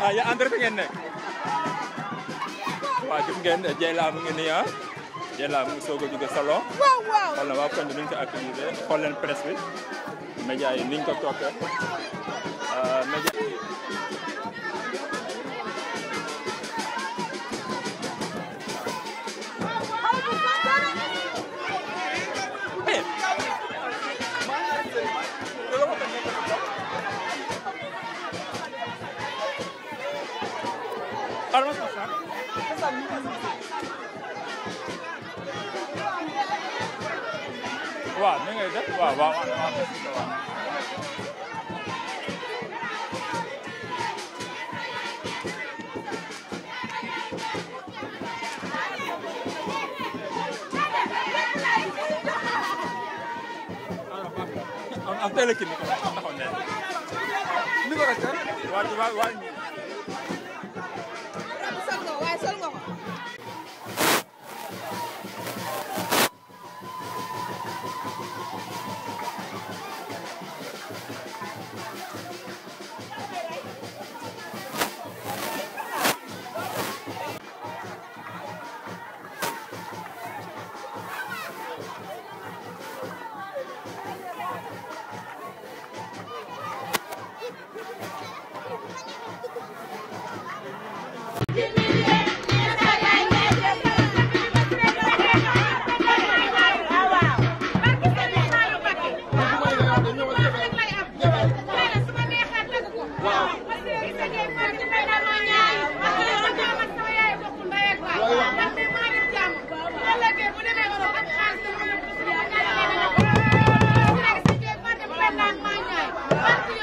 ah ya entre fi ngeen nekk waaw gis ngeen Dieyla mu ngi nii ah Dieyla mu ngi soog a jóge salon xool na waa koñ bi nuñ ko activisé xool leen presse bi média yi niñ ko toppee média vamos a pasar. waaw ni ngay def waaw waaw am teel a kii bi taxaw ne. ni ko rek waa waa Thank you.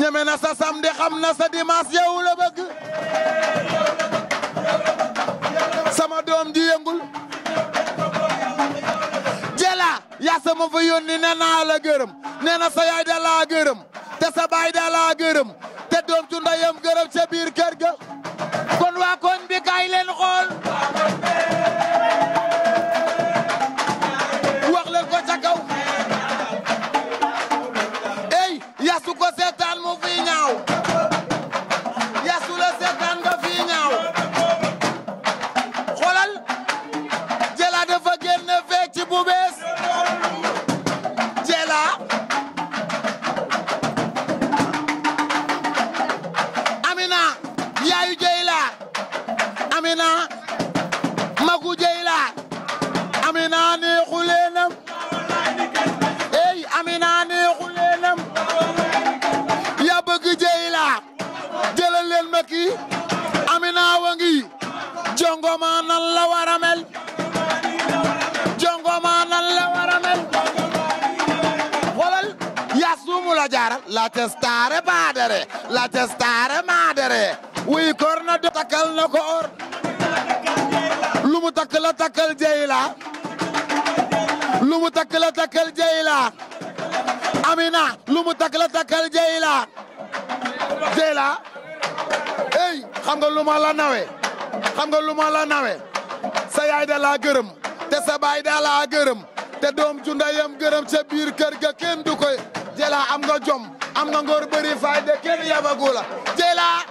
ñeme na sa samedi xam na sa dimanche yow bëgg sama doom ji yëngul jela yaa sama fa yónni nee naa la gërëm nee na sa yaay da laa gërëm te sa baay da laa gërëm te doom ju ndeyam gërëm ca biir kër ga kon waa koñ bi kaay leen xool yaayu Dieyla Amina magu Dieyla Amina neexu leenam ey Amina neexu leenam yaa bëgg Dieyla jëlal leen ma kii Amina wa ngi jongoma nan la war a mel nan la war a yasumu la jaaral la testare baadere la testare maadere wuy koor na de takkal na ko or lu mu takk la takkal takk la takkal amina lu mu takk la takkal jeyla xam nga lu ma nawe xam nga lu ma nawe sa yaay da laa gërëm te sa baay da gërëm te doom ju ndeyam gërëm ca biir kër ga kenn du koy jeyla am nga jom am nga ngor bëri fayda kenn yabagula jeyla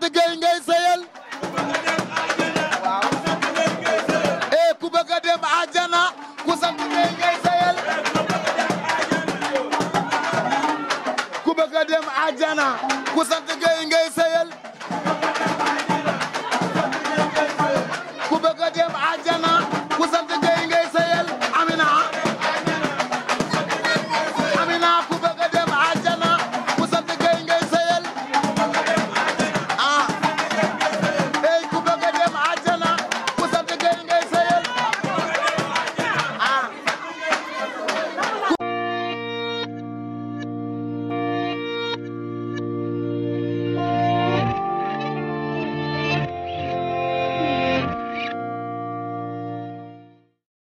sant Gueye ngay sëyal eh ku bëgg a dem àjjana ku sant Gueye ngay sëyal ku bëgg a dem àjjana ku sant Gueye ngay